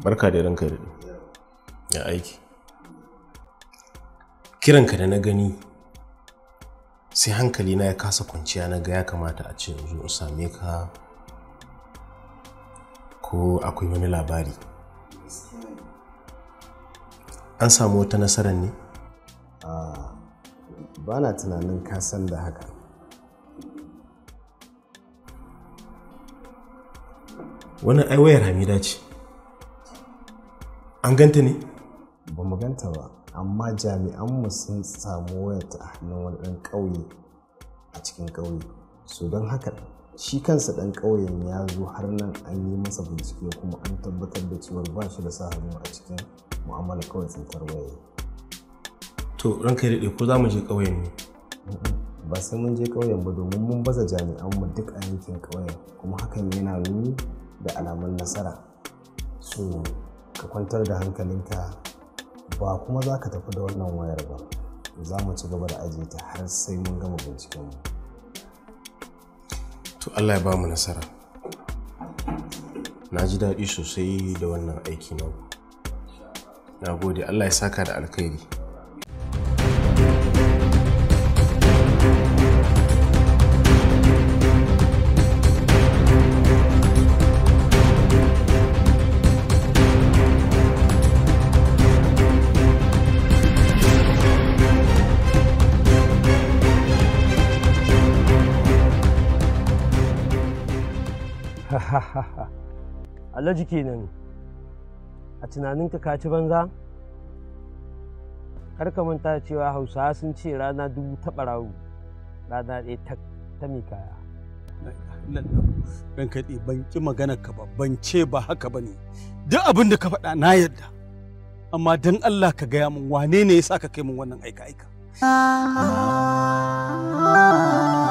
barka da ranka da ya aiki kiranka da na gani sai hankali na ya kasa kwanciya na ga ya kamata a ce yanzu in same ka ko akwai wani labari an samu wata nasarar ne? ba na tunanin kasan da haka wani aiwayar hamida ce an ganta ne ba mu ganta ba amma jami'anmu sun samu wayar ta hannun wani ɗan ƙauye a cikin ƙauye so don haka shi kansa ɗan ƙauyen ya zo har nan an yi masa bincike kuma an tabbatar da cewa ba shi da sa hannu a cikin mu'amala kawai tsintar waya to ranka yi daɗe ko za mu je ƙauyen ne ba sai mun je ƙauyen ba domin mun baza jami'anmu duk a yankin ƙauyen kuma hakan yana nuni da alamun nasara so ka kwantar da hankalinka ba kuma za ka tafi da wannan wayar ba za mu ci gaba da ajiye ta har sai mun gama binciken mu to Allah ya ba mu nasara na ji daɗi sosai da wannan aiki na na gode Allah ya saka da alkhairi Alhaji kenan a tunaninka ka ci banza? Kar ka manta cewa Hausawa sun ce rana dubu ta ɓarawo rana ɗaya ta ta kaya. Ban ban ƙi magana ka ba ban ce ba haka ba ne duk abin da ka faɗa na yadda amma don Allah ka gaya min wane ne ya sa ka kai min wannan aika-aika.